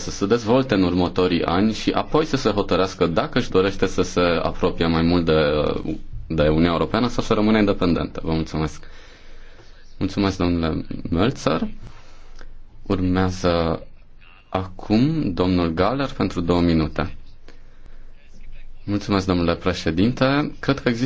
să se dezvolte în următorii ani și apoi să se hotărească dacă își dorește să se apropie mai mult de, de Uniunea Europeană sau să rămână independentă. Vă mulțumesc. Mulțumesc, domnule Mölzer. Urmează acum domnul Galler pentru două minute. Mulțumesc, domnule președinte. Cred că există